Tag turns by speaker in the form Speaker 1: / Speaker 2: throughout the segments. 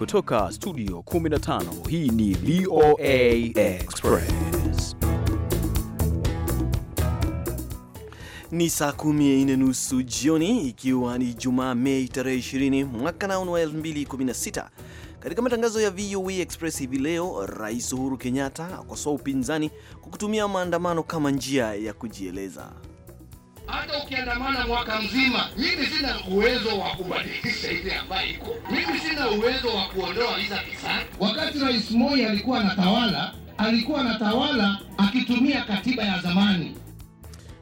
Speaker 1: kutoka studio 15 hii ni VOA Express ni saa kumi na nusu jioni ikiwa ni Jumaa Mei tarehe 20 mwaka naon wa 2016 katika matangazo ya VOA Express hivi leo Rais Uhuru Kenyatta akosoa upinzani kwa kutumia maandamano kama njia ya kujieleza
Speaker 2: hata ukiandamana mwaka mzima, mimi sina uwezo wa kubadilisha ile ambayo iko, mimi sina uwezo wa kuondoa visa kisa. Wakati Rais Moi alikuwa anatawala, alikuwa anatawala akitumia katiba ya zamani.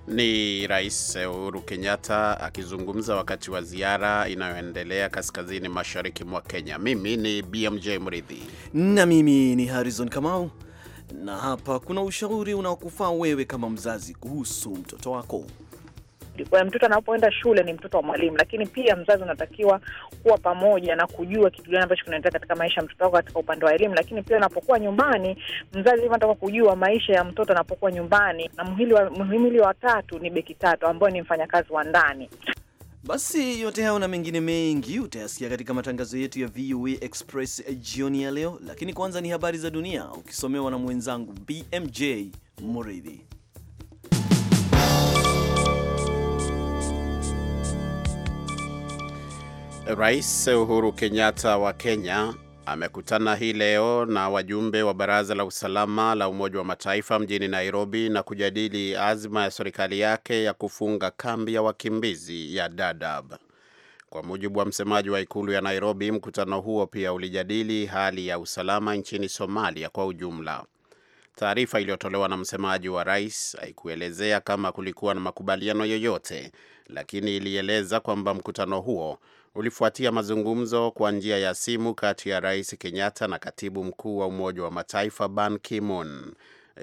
Speaker 3: Ni Rais Uhuru Kenyatta akizungumza wakati wa ziara inayoendelea kaskazini mashariki mwa Kenya. Mimi ni BMJ Mridhi na
Speaker 1: mimi ni Harrison Kamau, na hapa kuna ushauri unaokufaa wewe kama mzazi kuhusu mtoto wako
Speaker 4: mtoto anapoenda shule ni mtoto wa mwalimu, lakini pia mzazi unatakiwa kuwa pamoja na kujua kitu gani ambacho kinaendelea katika maisha ya mtoto wako katika upande wa elimu. Lakini pia unapokuwa nyumbani, mzazi anataka kujua maisha ya mtoto anapokuwa nyumbani. Na mhimili wa tatu ni beki tatu, ambayo ni mfanyakazi wa ndani.
Speaker 1: Basi yote hayo na mengine mengi utayasikia katika matangazo yetu ya VOA Express jioni ya leo, lakini kwanza ni habari za dunia ukisomewa na mwenzangu BMJ Muridhi.
Speaker 3: Rais Uhuru Kenyatta wa Kenya amekutana hii leo na wajumbe wa Baraza la Usalama la Umoja wa Mataifa mjini Nairobi na kujadili azma ya serikali yake ya kufunga kambi ya wakimbizi ya Dadaab. Kwa mujibu wa msemaji wa ikulu ya Nairobi, mkutano huo pia ulijadili hali ya usalama nchini Somalia kwa ujumla. Taarifa iliyotolewa na msemaji wa rais haikuelezea kama kulikuwa na makubaliano yoyote, lakini ilieleza kwamba mkutano huo ulifuatia mazungumzo kwa njia ya simu kati ya Rais Kenyatta na katibu mkuu wa Umoja wa Mataifa Ban Ki-moon.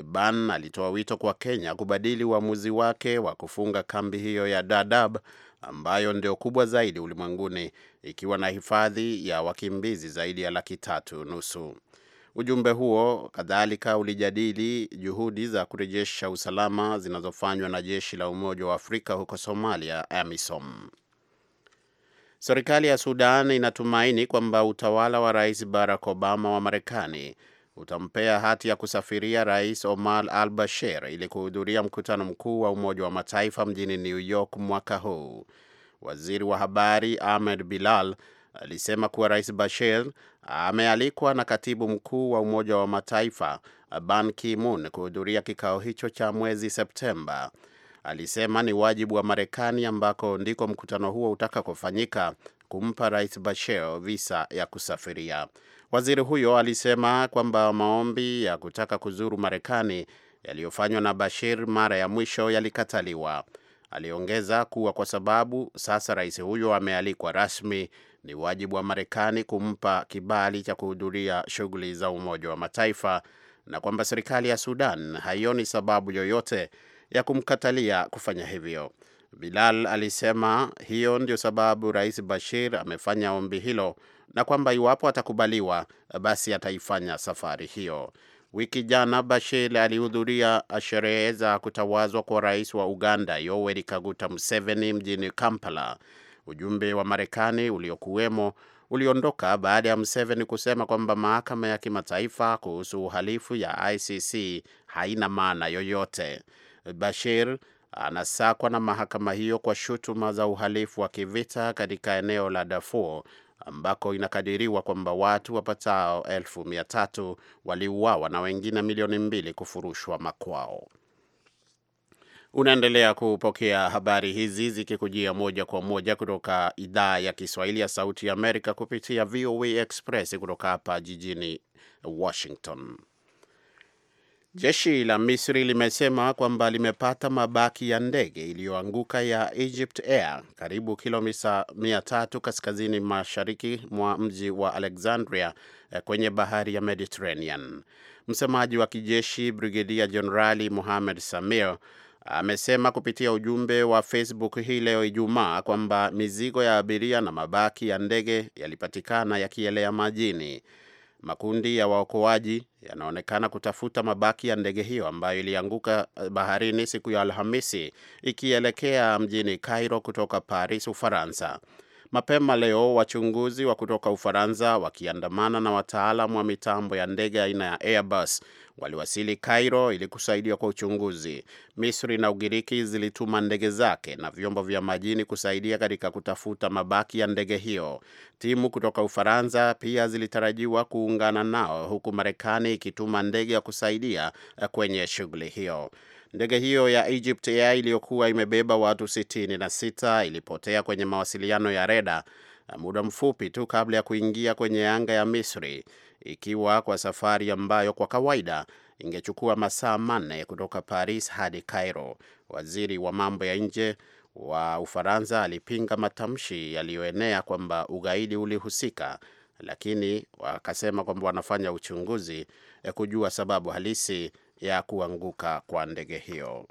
Speaker 3: Ban alitoa wito kwa Kenya kubadili uamuzi wa wake wa kufunga kambi hiyo ya Dadaab ambayo ndio kubwa zaidi ulimwenguni ikiwa na hifadhi ya wakimbizi zaidi ya laki tatu nusu. Ujumbe huo kadhalika ulijadili juhudi za kurejesha usalama zinazofanywa na jeshi la Umoja wa Afrika huko Somalia, AMISOM. Serikali ya Sudan inatumaini kwamba utawala wa Rais Barack Obama wa Marekani utampea hati ya kusafiria Rais Omar al Bashir ili kuhudhuria mkutano mkuu wa Umoja wa Mataifa mjini New York mwaka huu. Waziri wa habari Ahmed Bilal alisema kuwa Rais Bashir amealikwa na katibu mkuu wa Umoja wa Mataifa Ban Ki-moon kuhudhuria kikao hicho cha mwezi Septemba alisema ni wajibu wa Marekani, ambako ndiko mkutano huo utakakofanyika, kumpa Rais Bashir visa ya kusafiria. Waziri huyo alisema kwamba maombi ya kutaka kuzuru Marekani yaliyofanywa na Bashir mara ya mwisho yalikataliwa. Aliongeza kuwa kwa sababu sasa rais huyo amealikwa rasmi, ni wajibu wa Marekani kumpa kibali cha kuhudhuria shughuli za Umoja wa Mataifa na kwamba serikali ya Sudan haioni sababu yoyote ya kumkatalia kufanya hivyo. Bilal alisema hiyo ndio sababu Rais Bashir amefanya ombi hilo na kwamba iwapo atakubaliwa, basi ataifanya safari hiyo. Wiki jana Bashir alihudhuria sherehe za kutawazwa kwa rais wa Uganda Yoweri Kaguta Museveni mjini Kampala. Ujumbe wa Marekani uliokuwemo uliondoka baada ya Museveni kusema kwamba mahakama ya kimataifa kuhusu uhalifu ya ICC haina maana yoyote. Bashir anasakwa na mahakama hiyo kwa shutuma za uhalifu wa kivita katika eneo la Darfur ambako inakadiriwa kwamba watu wapatao elfu mia tatu waliuawa na wengine milioni mbili kufurushwa makwao. Unaendelea kupokea habari hizi zikikujia moja kwa moja kutoka idhaa ya Kiswahili ya Sauti ya Amerika kupitia VOA e Express kutoka hapa jijini Washington. Jeshi la Misri limesema kwamba limepata mabaki ya ndege iliyoanguka ya Egypt Air karibu kilomita 300 kaskazini mashariki mwa mji wa Alexandria eh, kwenye bahari ya Mediterranean. Msemaji wa kijeshi Brigedia Jenerali Mohamed Samir amesema kupitia ujumbe wa Facebook hii leo Ijumaa kwamba mizigo ya abiria na mabaki ya ndege yalipatikana yakielea majini. Makundi ya waokoaji yanaonekana kutafuta mabaki ya ndege hiyo ambayo ilianguka eh, baharini siku ya Alhamisi ikielekea mjini Cairo kutoka Paris, Ufaransa. Mapema leo wachunguzi wa kutoka Ufaransa wakiandamana na wataalam wa mitambo ya ndege aina ya Airbus waliwasili Cairo ili kusaidia kwa uchunguzi. Misri na Ugiriki zilituma ndege zake na vyombo vya majini kusaidia katika kutafuta mabaki ya ndege hiyo. Timu kutoka Ufaransa pia zilitarajiwa kuungana nao, huku Marekani ikituma ndege ya kusaidia kwenye shughuli hiyo. Ndege hiyo ya Egypt Air iliyokuwa imebeba watu 66 ilipotea kwenye mawasiliano ya reda ah, muda mfupi tu kabla ya kuingia kwenye anga ya Misri, ikiwa kwa safari ambayo kwa kawaida ingechukua masaa manne kutoka Paris hadi Cairo. Waziri wa mambo ya nje wa Ufaransa alipinga matamshi yaliyoenea kwamba ugaidi ulihusika, lakini wakasema kwamba wanafanya uchunguzi eh, kujua sababu halisi ya kuanguka kwa ndege hiyo.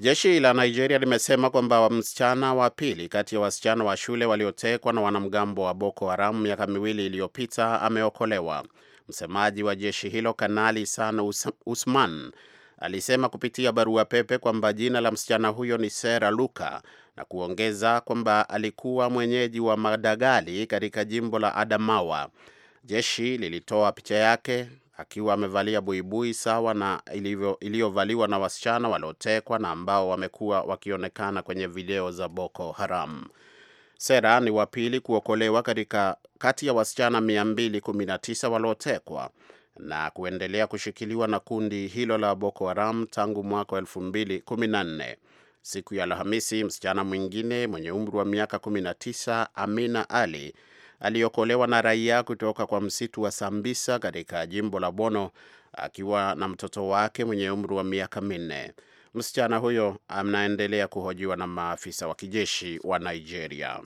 Speaker 3: Jeshi la Nigeria limesema kwamba msichana wa pili kati ya wasichana wa shule waliotekwa na wanamgambo wa Boko Haram miaka miwili iliyopita ameokolewa. Msemaji wa jeshi hilo Kanali san Usman alisema kupitia barua pepe kwamba jina la msichana huyo ni Sera Luka na kuongeza kwamba alikuwa mwenyeji wa Madagali katika jimbo la Adamawa. Jeshi lilitoa picha yake akiwa amevalia buibui sawa na iliyovaliwa na wasichana waliotekwa na ambao wamekuwa wakionekana kwenye video za Boko Haram. Sera ni wa pili kuokolewa katika kati ya wasichana 219 waliotekwa na kuendelea kushikiliwa na kundi hilo la Boko Haram tangu mwaka 2014. Siku ya Alhamisi, msichana mwingine mwenye umri wa miaka 19, Amina Ali aliokolewa na raia kutoka kwa msitu wa Sambisa katika jimbo la Bono akiwa na mtoto wake mwenye umri wa miaka minne. Msichana huyo anaendelea kuhojiwa na maafisa wa kijeshi wa Nigeria.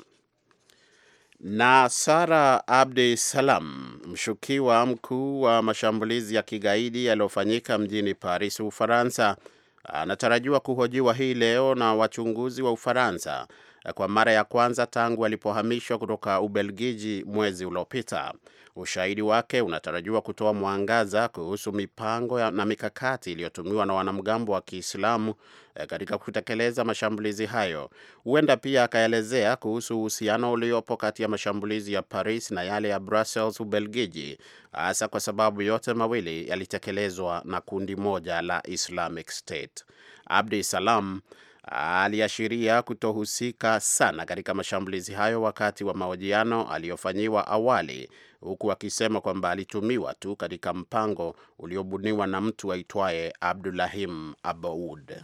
Speaker 3: Na Sara Abdi Salam, mshukiwa mkuu wa mashambulizi ya kigaidi yaliyofanyika mjini Paris, Ufaransa, anatarajiwa kuhojiwa hii leo na wachunguzi wa Ufaransa kwa mara ya kwanza tangu alipohamishwa kutoka Ubelgiji mwezi uliopita. Ushahidi wake unatarajiwa kutoa mwangaza kuhusu mipango na mikakati iliyotumiwa na wanamgambo wa Kiislamu eh, katika kutekeleza mashambulizi hayo. Huenda pia akaelezea kuhusu uhusiano uliopo kati ya mashambulizi ya Paris na yale ya Brussels, Ubelgiji, hasa kwa sababu yote mawili yalitekelezwa na kundi moja la Islamic State. Abdi Salam aliashiria kutohusika sana katika mashambulizi hayo wakati wa mahojiano aliyofanyiwa awali, huku akisema kwamba alitumiwa tu katika mpango uliobuniwa na mtu aitwaye Abdulahim Aboud.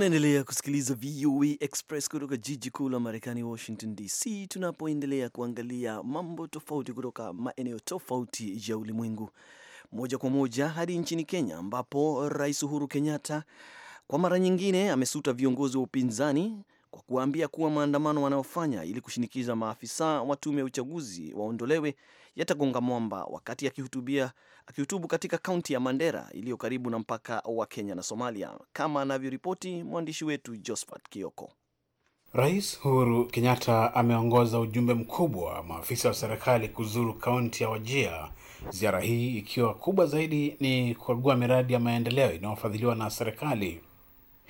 Speaker 1: Unaendelea kusikiliza VOA Express kutoka jiji kuu la Marekani, Washington DC, tunapoendelea kuangalia mambo tofauti kutoka maeneo tofauti ya ulimwengu, moja kwa moja hadi nchini Kenya, ambapo Rais Uhuru Kenyatta kwa mara nyingine amesuta viongozi wa upinzani kwa kuwaambia kuwa maandamano wanayofanya ili kushinikiza maafisa wa tume ya uchaguzi waondolewe yatagonga mwamba. Wakati akihutubia akihutubu katika kaunti ya Mandera iliyo karibu na mpaka wa Kenya na Somalia, kama anavyoripoti mwandishi wetu Josphat Kioko.
Speaker 5: Rais Uhuru Kenyatta ameongoza ujumbe mkubwa wa maafisa wa serikali kuzuru kaunti ya Wajia, ziara hii ikiwa kubwa zaidi ni kukagua miradi ya maendeleo inayofadhiliwa na serikali.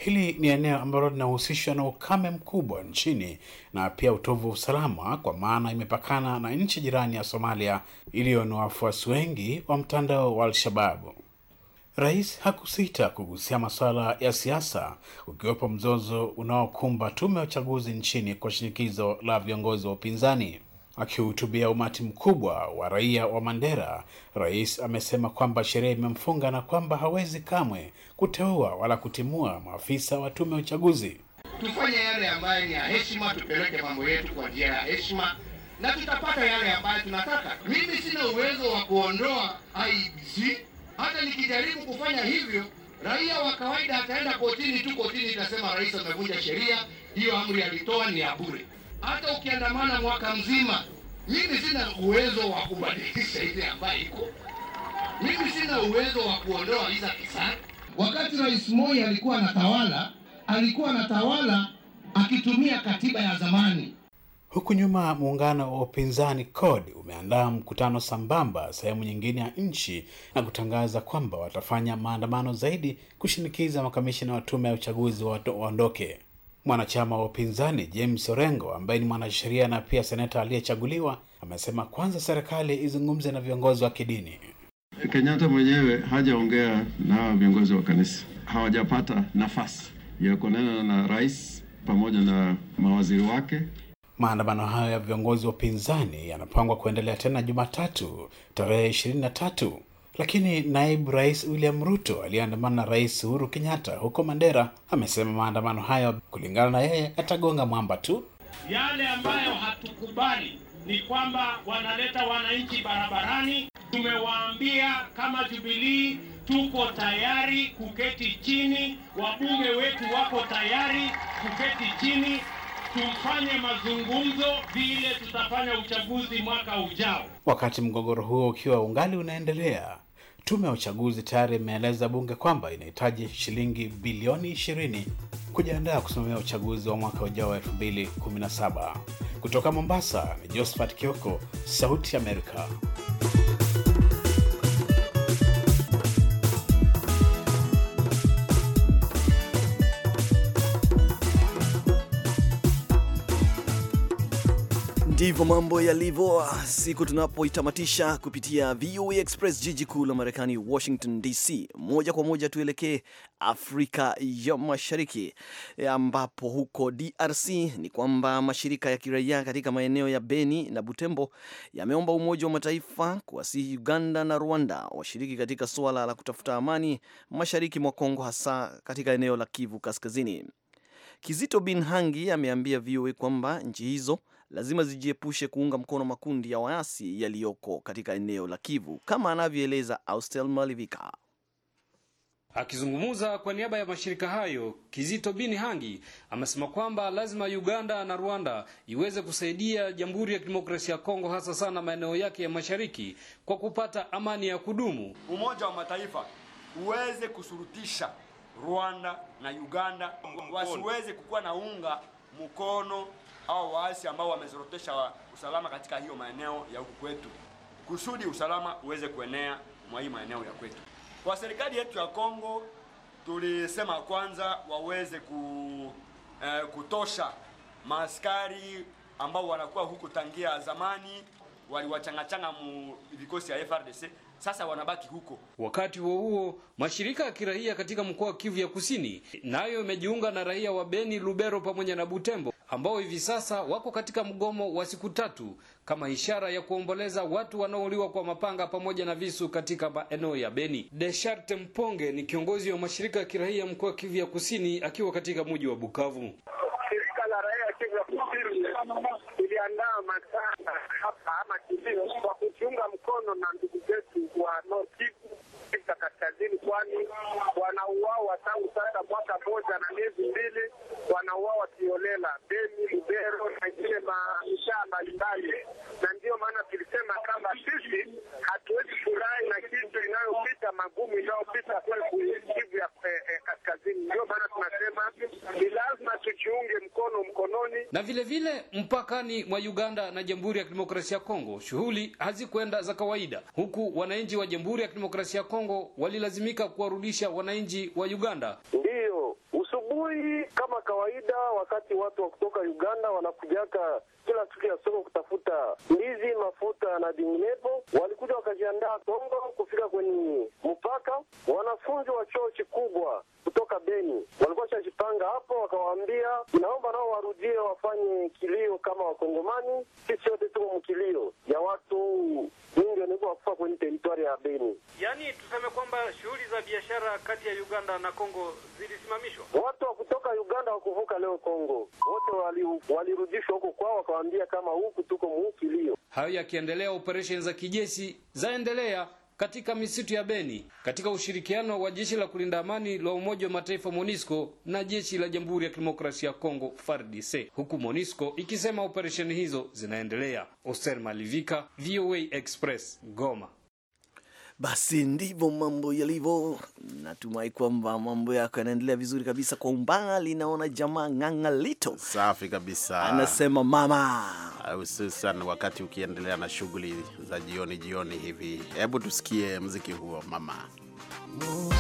Speaker 5: Hili ni eneo ambalo linahusishwa na ukame mkubwa nchini na pia utovu wa usalama, kwa maana imepakana na nchi jirani ya Somalia iliyo na wafuasi wengi wa mtandao wa Al-Shababu. Rais hakusita kugusia masuala ya siasa, ukiwepo mzozo unaokumba tume ya uchaguzi nchini kwa shinikizo la viongozi wa upinzani. Akihutubia umati mkubwa wa raia wa Mandera, rais amesema kwamba sheria imemfunga na kwamba hawezi kamwe kuteua wala kutimua maafisa wa tume ya uchaguzi.
Speaker 2: Tufanye yale ambayo ni ya heshima, tupeleke mambo yetu kwa njia ya heshima na tutapata yale ambayo tunataka. Mimi sina uwezo wa kuondoa IEBC. Hata nikijaribu kufanya hivyo, raia wa kawaida ataenda kotini tu, kotini itasema rais amevunja sheria, hiyo amri alitoa ni ya bure. Hata ukiandamana mwaka mzima, mimi sina uwezo wa kubadilisha ile ambayo iko. Mimi sina uwezo wa kuondoa iza kisani Wakati Rais Moi alikuwa anatawala, alikuwa anatawala akitumia katiba ya zamani.
Speaker 5: Huku nyuma muungano wa upinzani CORD umeandaa mkutano sambamba sehemu nyingine ya nchi na kutangaza kwamba watafanya maandamano zaidi kushinikiza makamishina wa tume ya uchaguzi waondoke. Mwanachama wa upinzani James Orengo ambaye ni mwanasheria na pia seneta aliyechaguliwa amesema kwanza serikali izungumze na viongozi wa kidini.
Speaker 3: Kenyatta mwenyewe hajaongea na viongozi wa kanisa, hawajapata nafasi ya kuonana na rais pamoja na mawaziri wake.
Speaker 5: Maandamano hayo ya viongozi wa upinzani yanapangwa kuendelea tena Jumatatu tarehe ishirini na tatu, lakini naibu rais William Ruto aliyeandamana na rais Uhuru Kenyatta huko Mandera amesema maandamano hayo, kulingana na yeye, yatagonga mwamba tu.
Speaker 6: Yale ambayo hatukubali ni kwamba wanaleta wananchi barabarani. Tumewaambia kama jubilii tuko tayari kuketi chini, wabunge wetu wako tayari kuketi chini, tufanye mazungumzo vile tutafanya uchaguzi mwaka ujao.
Speaker 5: Wakati mgogoro huo ukiwa ungali unaendelea, Tume ya uchaguzi tayari imeeleza bunge kwamba inahitaji shilingi bilioni 20 kujiandaa kusimamia uchaguzi wa mwaka ujao wa 2017. Kutoka Mombasa ni Josephat Kioko, Sauti ya Amerika.
Speaker 1: Ndivyo mambo yalivyo siku tunapoitamatisha kupitia VOA e Express, jiji kuu la Marekani, Washington DC. Moja kwa moja tuelekee Afrika ya Mashariki, ambapo huko DRC ni kwamba mashirika ya kiraia katika maeneo ya Beni na Butembo yameomba Umoja wa Mataifa kuwasihi Uganda na Rwanda washiriki katika suala la kutafuta amani mashariki mwa Kongo, hasa katika eneo la Kivu Kaskazini. Kizito Bin Hangi ameambia VOA e kwamba nchi hizo lazima zijiepushe kuunga mkono makundi ya waasi yaliyoko katika eneo la Kivu, kama anavyoeleza Austel Malivika.
Speaker 2: Akizungumza kwa niaba ya mashirika hayo, Kizito Bini Hangi amesema kwamba lazima Uganda na Rwanda iweze kusaidia Jamhuri ya Kidemokrasia ya Kongo, hasa sana maeneo yake ya mashariki, kwa kupata amani ya kudumu. Umoja wa Mataifa uweze kusurutisha Rwanda
Speaker 6: na Uganda wasiweze kukuwa na unga mkono hao waasi ambao wamezorotesha usalama katika hiyo maeneo ya huku kwetu, kusudi usalama uweze kuenea mwa hii maeneo ya kwetu. Kwa serikali yetu ya Kongo tulisema kwanza waweze ku, eh, kutosha maaskari ambao wanakuwa huku tangia zamani waliwachangachanga mu vikosi ya FRDC
Speaker 2: sasa wanabaki huko. Wakati huo huo, mashirika ya kiraia katika mkoa wa Kivu ya Kusini nayo imejiunga na raia wa Beni, Lubero pamoja na Butembo ambao hivi sasa wako katika mgomo wa siku tatu kama ishara ya kuomboleza watu wanaouliwa kwa mapanga pamoja na visu katika maeneo ya Beni. Desharte Mponge ni kiongozi wa mashirika ya kiraia mkoa Kivu ya Kusini akiwa katika mji wa Bukavu
Speaker 6: iliandaa makala hapa ama kilio kwa kujiunga mkono na ndugu zetu wa North Kivu kaskazini, kwani wanauawa tangu sasa mwaka moja na miezi mbili, wanauawa kiolela Beni, Lubero na ingine mashaa mbalimbali, na ndiyo maana tulisema kama sisi hatuwezi furahi na kitu inayopita magumu inayopita Kivu ya eh, eh, kaskazini. Ndiyo maana tunasema ni lazima tujiunge mkono mkononi jioni.
Speaker 2: Na vile vile mpakani mwa Uganda na Jamhuri ya Kidemokrasia ya Kongo shughuli hazikwenda za kawaida, huku wananchi wa Jamhuri ya Kidemokrasia ya Kongo walilazimika kuwarudisha wananchi wa Uganda.
Speaker 7: Ndiyo usubuhi kama kawaida, wakati watu wa kutoka Uganda wanakujaka kila siku ya soko kutafuta ndizi, mafuta na vinginevyo. Walikuja wakajiandaa
Speaker 2: kongo kufika kwenye mpaka, wanafunzi wa chuo kikubwa kutoka Beni walikuwa shajipanga hapo, wakawaambia inaomba nao warudie wafanye kilio kama
Speaker 7: Wakongomani. Sisi wote tuko mkilio ya watu wengi wanaweza kufa kwenye teritwari
Speaker 2: ya Beni. Yaani tuseme kwamba shughuli za biashara kati ya Uganda na Kongo zilisimamishwa.
Speaker 7: Watu wa kutoka Uganda wakuvuka leo Kongo wote walirudishwa wali huko kwao waka
Speaker 2: kuwaambia kama huku tuko muukilio. Hayo yakiendelea, operesheni za kijeshi zaendelea katika misitu ya Beni katika ushirikiano wa jeshi la kulinda amani la Umoja wa Mataifa MONUSCO na jeshi la Jamhuri ya Kidemokrasia ya Kongo FARDC, huku MONUSCO ikisema operesheni hizo zinaendelea. Oster Malivika, VOA Express, Goma.
Speaker 1: Basi ndivyo mambo yalivyo. Natumai kwamba mambo yako yanaendelea vizuri kabisa. Kwa umbali naona jamaa ng'ang'alito, safi
Speaker 3: kabisa, anasema
Speaker 1: mama,
Speaker 3: ah, hususan wakati ukiendelea na shughuli za jioni jioni hivi. Hebu tusikie mziki huo mama.
Speaker 8: What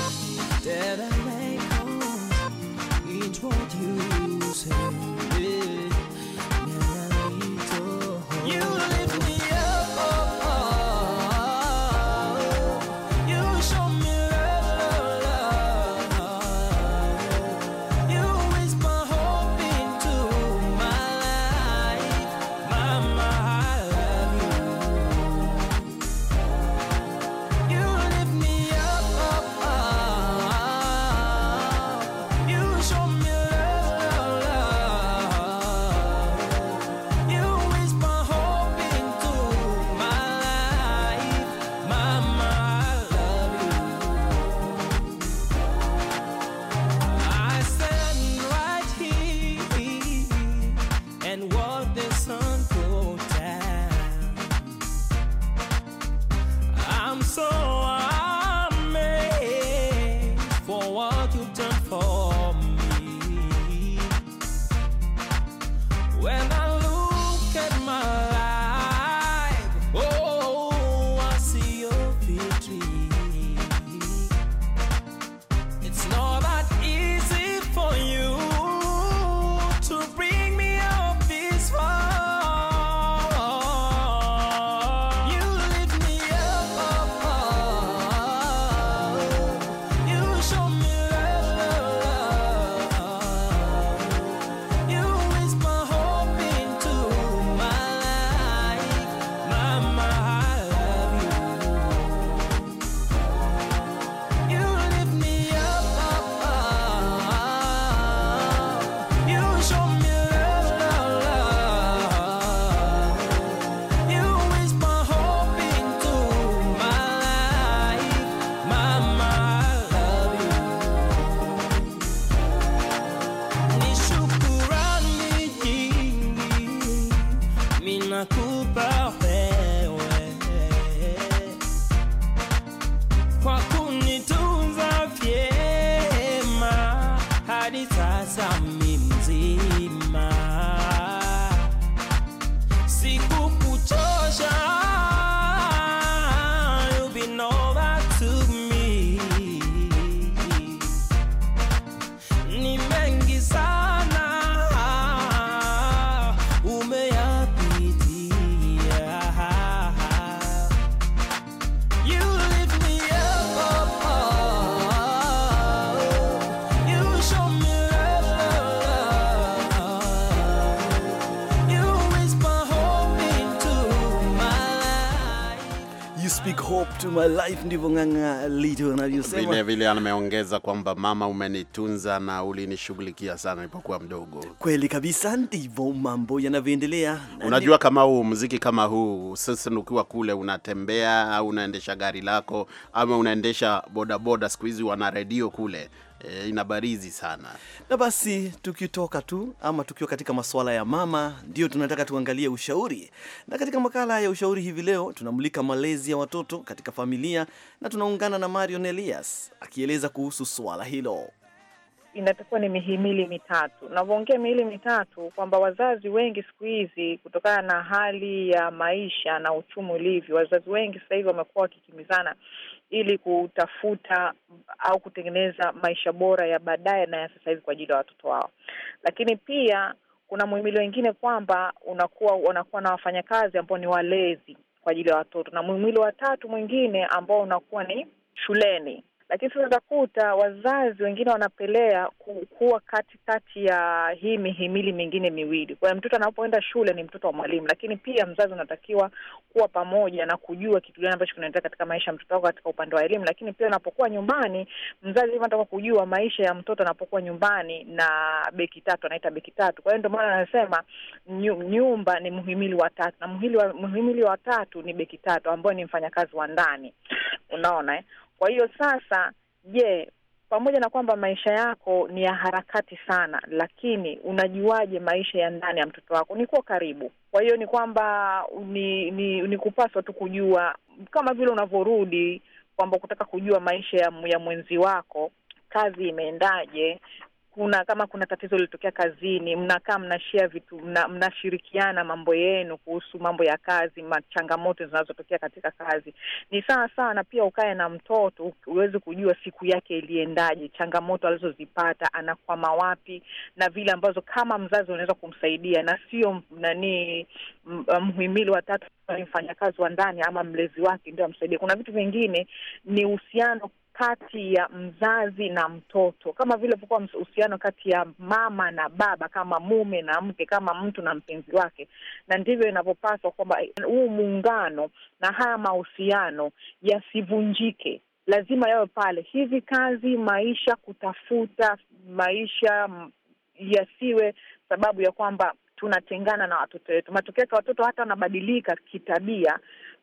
Speaker 1: hope to my life, ndivyo Ng'ang'a Lito anavyosema. Vile
Speaker 3: vile ameongeza kwamba mama, umenitunza na ulinishughulikia sana nilipokuwa mdogo.
Speaker 1: Kweli kabisa, ndivyo mambo yanavyoendelea. Unajua
Speaker 3: kama huu muziki kama huu sasa, ukiwa kule unatembea au unaendesha gari lako ama unaendesha bodaboda, siku hizi wana redio kule e, inabarizi sana.
Speaker 1: Na basi tukitoka tu ama tukiwa katika masuala ya mama, ndio tunataka tuangalie ushauri, na katika makala ya ushauri hivi leo tunamulika malezi ya watoto katika familia
Speaker 4: na tunaungana na Marion Elias akieleza
Speaker 1: kuhusu swala hilo
Speaker 4: inatakuwa ni mihimili mitatu. Unavyoongea mihimili mitatu, kwamba wazazi wengi siku hizi, kutokana na hali ya maisha na uchumi ulivyo, wazazi wengi sasa hivi wamekuwa wakikimizana ili kutafuta au kutengeneza maisha bora ya baadaye na ya sasa hivi kwa ajili ya watoto wao, lakini pia kuna muhimili wengine kwamba unakuwa wanakuwa na wafanyakazi ambao ni walezi kwa ajili ya watoto, na muhimili wa tatu mwingine ambao unakuwa ni shuleni lakini tunaweza kuta wazazi wengine wanapelea kuwa katikati ya hii mihimili mingine miwili. Kwa hiyo mtoto anapoenda shule ni mtoto wa mwalimu, lakini pia mzazi unatakiwa kuwa pamoja na kujua kitu gani ambacho kinaendelea katika maisha ya mtoto wako katika upande wa elimu. Lakini pia unapokuwa nyumbani, mzazi anataka kujua maisha ya mtoto anapokuwa nyumbani, na beki tatu anaita beki tatu. Kwa hiyo ndio maana anasema nyumba ni muhimili wa tatu, na muhimili wa, muhimili wa tatu ni beki tatu ambayo ni mfanyakazi wa ndani. Unaona eh? Kwa hiyo sasa, je, pamoja na kwamba maisha yako ni ya harakati sana, lakini unajuaje maisha ya ndani ya mtoto wako? Ni kuwa karibu. Kwa hiyo ni kwamba ni, ni, ni kupaswa tu kujua kama vile unavyorudi kwamba kutaka kujua maisha ya, ya mwenzi wako, kazi imeendaje, kuna kama kuna tatizo lilitokea kazini, mnakaa mnashia vitu, mna, mnashirikiana mambo yenu kuhusu mambo ya kazi, changamoto zinazotokea katika kazi. Ni sawa na pia ukae na mtoto uweze kujua siku yake iliendaje, changamoto alizozipata, anakwama wapi, na vile ambazo kama mzazi unaweza kumsaidia, na sio nani mhimili wa ni mfanyakazi wa ndani ama mlezi wake ndio amsaidia. Kuna vitu vingine ni uhusiano kati ya mzazi na mtoto, kama vile pokuwa uhusiano kati ya mama na baba, kama mume na mke, kama mtu na mpenzi wake. Na ndivyo inavyopaswa kwamba eh, huu muungano na haya mahusiano yasivunjike, lazima yawe pale. hivi kazi, maisha, kutafuta maisha yasiwe sababu ya kwamba tunatengana na watoto wetu. Matokeo yake watoto hata wanabadilika kitabia,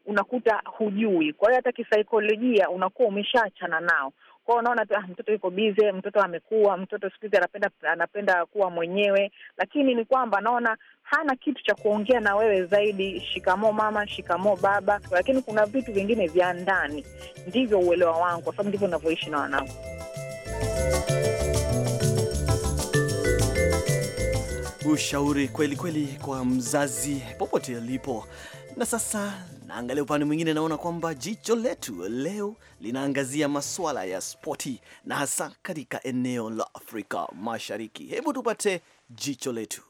Speaker 4: unakuta hujui. Kwa hiyo hata kisaikolojia unakuwa umeshaachana nao. Kwa hiyo unaona ah, mtoto yuko bize, mtoto amekua, mtoto siku hizi anapenda anapenda kuwa mwenyewe, lakini ni kwamba naona hana kitu cha kuongea na wewe zaidi, shikamoo mama, shikamoo baba. Lakini kuna vitu vingine vya ndani, ndivyo uelewa wangu, kwa sababu ndivyo navyoishi na wanangu.
Speaker 1: ushauri kweli kweli kwa mzazi popote alipo. Na sasa naangalia upande mwingine, naona kwamba jicho letu leo linaangazia masuala ya spoti na hasa katika eneo la Afrika Mashariki. Hebu tupate jicho letu.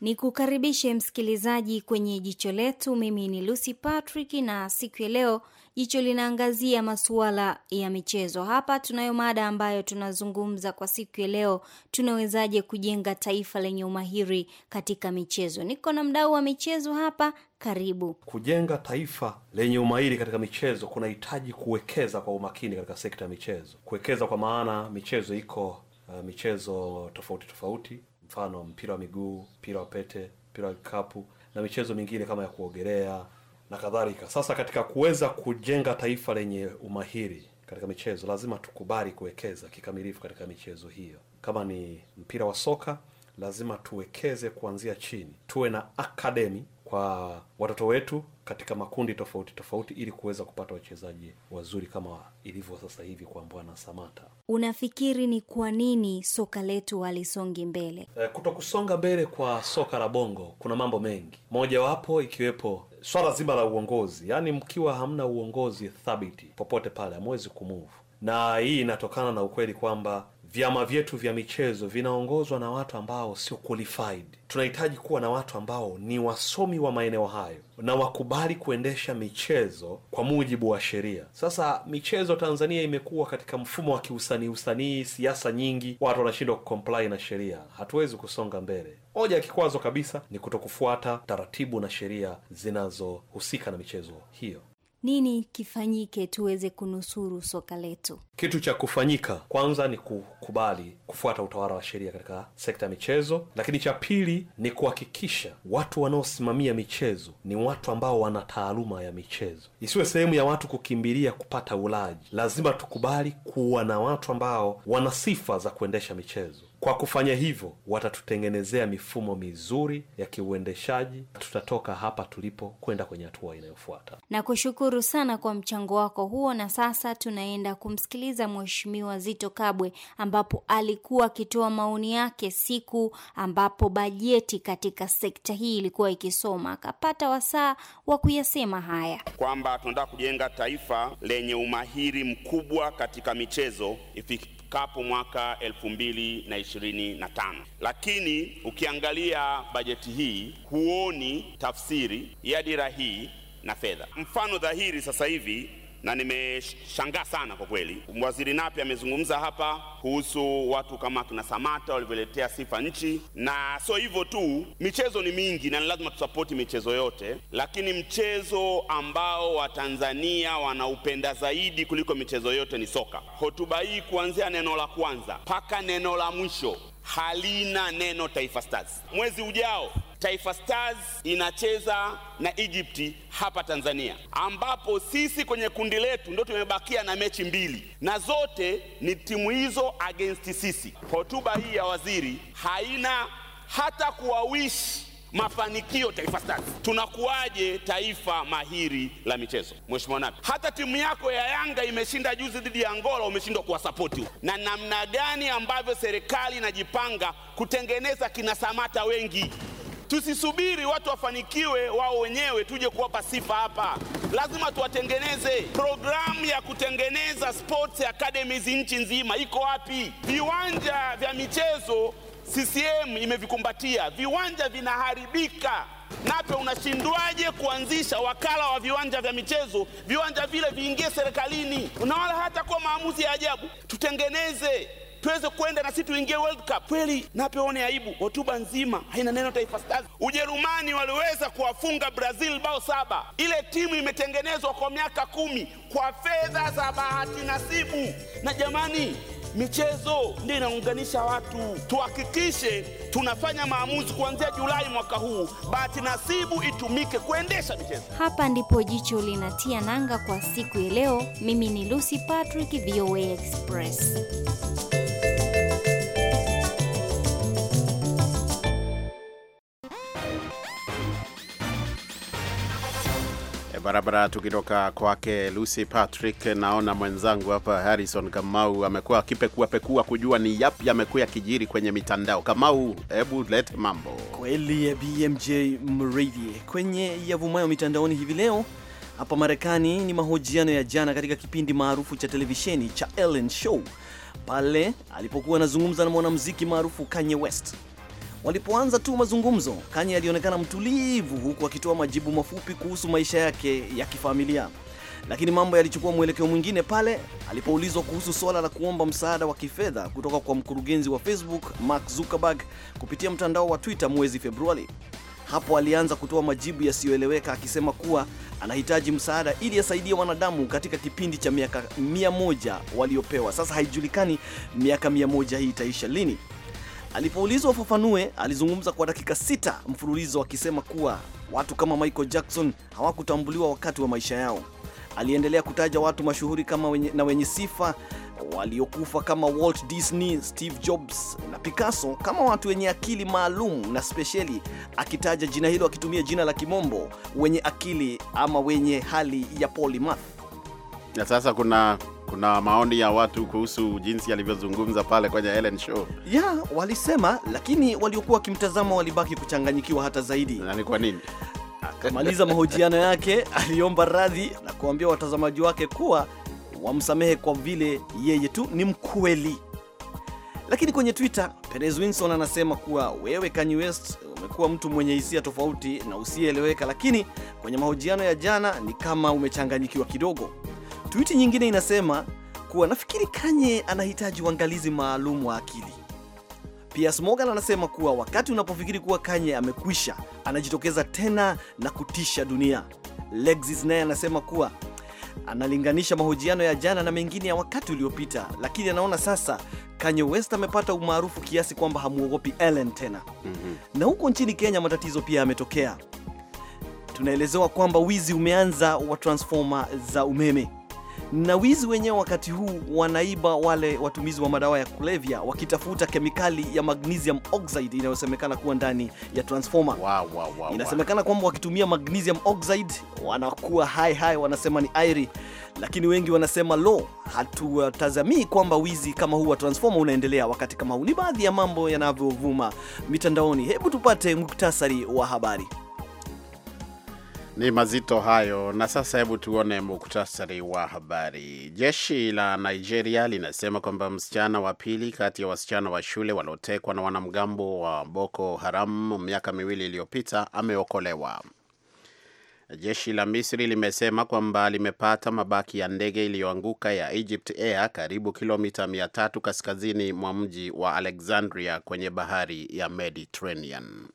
Speaker 8: Ni kukaribishe msikilizaji kwenye jicho letu. Mimi ni Lucy Patrick na siku ya leo jicho linaangazia masuala ya michezo. Hapa tunayo mada ambayo tunazungumza kwa siku ya leo, tunawezaje kujenga taifa lenye umahiri katika michezo? Niko na mdau wa michezo hapa, karibu.
Speaker 7: Kujenga taifa lenye umahiri katika michezo kunahitaji kuwekeza kwa umakini katika sekta ya michezo. Kuwekeza kwa maana michezo iko Uh, michezo tofauti tofauti mfano mpira wa miguu, mpira wa pete, mpira wa kikapu na michezo mingine kama ya kuogelea na kadhalika. Sasa katika kuweza kujenga taifa lenye umahiri katika michezo, lazima tukubali kuwekeza kikamilifu katika michezo hiyo. Kama ni mpira wa soka, lazima tuwekeze kuanzia chini, tuwe na akademi kwa watoto wetu katika makundi tofauti tofauti ili kuweza kupata wachezaji wazuri kama ilivyo sasa hivi kwa Mbwana Samata.
Speaker 8: Unafikiri ni kwa nini soka letu halisongi mbele?
Speaker 7: E, eh, kuto kusonga mbele kwa soka la Bongo kuna mambo mengi, mojawapo ikiwepo swala zima la uongozi. Yaani, mkiwa hamna uongozi thabiti popote pale hamwezi kumuvu, na hii inatokana na ukweli kwamba vyama vyetu vya michezo vinaongozwa na watu ambao sio qualified. Tunahitaji kuwa na watu ambao ni wasomi wa maeneo hayo na wakubali kuendesha michezo kwa mujibu wa sheria. Sasa michezo Tanzania imekuwa katika mfumo wa kiusanii usanii, siasa nyingi, watu wanashindwa kucomply na sheria, hatuwezi kusonga mbele. Moja ya kikwazo kabisa ni kutokufuata taratibu na sheria zinazohusika na michezo hiyo
Speaker 8: nini kifanyike tuweze kunusuru soka letu?
Speaker 7: Kitu cha kufanyika kwanza ni kukubali kufuata utawala wa sheria katika sekta ya michezo, lakini cha pili ni kuhakikisha watu wanaosimamia michezo ni watu ambao wana taaluma ya michezo, isiwe sehemu ya watu kukimbilia kupata ulaji. Lazima tukubali kuwa na watu ambao wana sifa za kuendesha michezo. Kwa kufanya hivyo, watatutengenezea mifumo mizuri ya kiuendeshaji, tutatoka hapa tulipo kwenda kwenye hatua inayofuata.
Speaker 8: Na kushukuru sana kwa mchango wako huo, na sasa tunaenda kumsikiliza Mheshimiwa Zito Kabwe ambapo alikuwa akitoa maoni yake siku ambapo bajeti katika sekta hii ilikuwa ikisoma, akapata wasaa wa kuyasema haya
Speaker 6: kwamba tunataka kujenga taifa lenye umahiri mkubwa katika michezo Ifiki ifikapo mwaka 2025. Lakini ukiangalia bajeti hii huoni tafsiri ya dira hii na fedha. Mfano dhahiri sasa hivi na nimeshangaa sana kwa kweli. Waziri Nape amezungumza hapa kuhusu watu kama kina Samata walivyoletea sifa nchi, na sio hivyo tu, michezo ni mingi na ni lazima tusapoti michezo yote, lakini mchezo ambao Watanzania wanaupenda zaidi kuliko michezo yote ni soka. Hotuba hii kuanzia neno la kwanza mpaka neno la mwisho halina neno Taifa Stars. Mwezi ujao Taifa Stars inacheza na Egypt hapa Tanzania, ambapo sisi kwenye kundi letu ndio tumebakia na mechi mbili, na zote ni timu hizo against sisi. Hotuba hii ya waziri haina hata kuwawishi mafanikio Taifa Stars. Tunakuwaje taifa mahiri la michezo? Mheshimiwa Nape, hata timu yako ya Yanga imeshinda juzi dhidi ya Angola, umeshindwa kuwasapoti. Na namna gani ambavyo serikali inajipanga kutengeneza kina Samata wengi? Tusisubiri watu wafanikiwe wao wenyewe tuje kuwapa sifa hapa, lazima tuwatengeneze. Programu ya kutengeneza sports academies nchi nzima iko wapi? Viwanja vya michezo CCM imevikumbatia. Viwanja vinaharibika, Nape unashindwaje kuanzisha wakala wa viwanja vya michezo, viwanja vile viingie serikalini? Unaona hata kuwa maamuzi ya ajabu. Tutengeneze tuweze kwenda na sisi tuingie World Cup. Kweli Nape one aibu, hotuba nzima haina neno Taifa Stars. Ujerumani waliweza kuwafunga Brazil bao saba. Ile timu imetengenezwa kwa miaka kumi kwa fedha za bahati nasibu. Na jamani Michezo ndio inaunganisha watu. Tuhakikishe tunafanya maamuzi kuanzia Julai mwaka huu, bahati nasibu itumike kuendesha michezo.
Speaker 8: Hapa ndipo jicho linatia nanga kwa siku ya leo. Mimi ni Lucy Patrick, VOA Express.
Speaker 3: E, barabara. Tukitoka kwake Lucy Patrick, naona mwenzangu hapa Harrison Kamau amekuwa akipekuapekua kujua ni yapi amekuwa akijiri kwenye mitandao. Kamau, hebu lete mambo
Speaker 1: kweli ya eh, BMJ Mridhi kwenye yavumayo mitandaoni hivi leo. Hapa Marekani ni mahojiano ya jana katika kipindi maarufu cha televisheni cha Ellen Show, pale alipokuwa anazungumza na mwanamuziki maarufu Kanye West Walipoanza tu mazungumzo, Kanye alionekana mtulivu, huku akitoa majibu mafupi kuhusu maisha yake ya kifamilia, lakini mambo yalichukua mwelekeo mwingine pale alipoulizwa kuhusu suala la kuomba msaada wa kifedha kutoka kwa mkurugenzi wa Facebook Mark Zuckerberg kupitia mtandao wa Twitter mwezi Februari. Hapo alianza kutoa majibu yasiyoeleweka akisema kuwa anahitaji msaada ili asaidie wanadamu katika kipindi cha miaka mia moja waliopewa. Sasa haijulikani miaka mia moja hii itaisha lini. Alipoulizwa ufafanue, alizungumza kwa dakika sita mfululizo akisema kuwa watu kama Michael Jackson hawakutambuliwa wakati wa maisha yao. Aliendelea kutaja watu mashuhuri kama wenye, na wenye sifa waliokufa kama Walt Disney, Steve Jobs na Picasso kama watu wenye akili maalum na spesheli, akitaja jina hilo akitumia jina la Kimombo, wenye akili ama wenye hali ya polymath.
Speaker 3: Na sasa kuna kuna maoni ya watu kuhusu jinsi alivyozungumza pale kwenye Ellen Show.
Speaker 1: Ya, walisema, lakini waliokuwa wakimtazama walibaki kuchanganyikiwa hata zaidi. Na ni kwa nini? Akamaliza mahojiano yake, aliomba radhi na kuambia watazamaji wake kuwa wamsamehe kwa vile yeye tu ni mkweli. Lakini kwenye Twitter, Perez Winson anasema kuwa wewe Kanye West umekuwa mtu mwenye hisia tofauti na usiyeeleweka, lakini kwenye mahojiano ya jana ni kama umechanganyikiwa kidogo. Twiti nyingine inasema kuwa nafikiri Kanye anahitaji uangalizi maalum wa akili. Pia Smogan anasema kuwa wakati unapofikiri kuwa Kanye amekwisha, anajitokeza tena na kutisha dunia. Lexis naye anasema kuwa analinganisha mahojiano ya jana na mengine ya wakati uliopita, lakini anaona sasa Kanye West amepata umaarufu kiasi kwamba hamuogopi Ellen tena. mm -hmm. Na huko nchini Kenya matatizo pia yametokea. Tunaelezewa kwamba wizi umeanza wa transformer za umeme na wizi wenyewe wakati huu wanaiba wale watumizi wa madawa ya kulevya wakitafuta kemikali ya magnesium oxide inayosemekana kuwa ndani ya transformer. Wow, wow, wow, inasemekana kwamba wakitumia magnesium oxide wanakuwa hai hai, wanasema ni airi, lakini wengi wanasema lo, hatuwatazamii kwamba wizi kama huu wa transformer unaendelea wakati kama huu. Ni baadhi ya mambo yanavyovuma mitandaoni. Hebu tupate muktasari wa habari.
Speaker 3: Ni mazito hayo. Na sasa hebu tuone muktasari wa habari. Jeshi la Nigeria linasema kwamba msichana wa pili kati ya wasichana wa shule waliotekwa na wanamgambo wa Boko Haram miaka miwili iliyopita ameokolewa. Jeshi la Misri limesema kwamba limepata mabaki ya ndege iliyoanguka ya Egypt Air karibu kilomita 300 kaskazini mwa mji wa Alexandria kwenye bahari ya Mediterranean.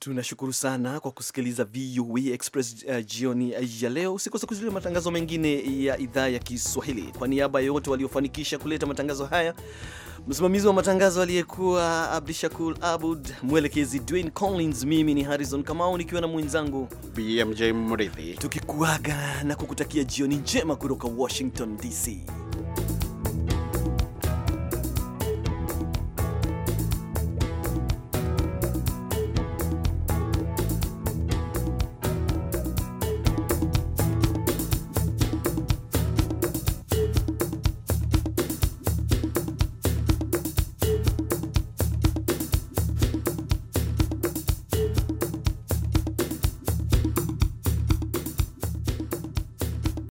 Speaker 1: Tunashukuru sana kwa kusikiliza VOA e Express uh, jioni eh, ya leo. Usikose kuzilia matangazo mengine ya idhaa ya Kiswahili. Kwa niaba ya wote waliofanikisha kuleta matangazo haya, msimamizi wa matangazo aliyekuwa Abdishakur Abud, mwelekezi Dwayne Collins, mimi ni Harrison Kamau nikiwa na mwenzangu BMJ Mridhi, tukikuaga na kukutakia jioni njema kutoka Washington DC.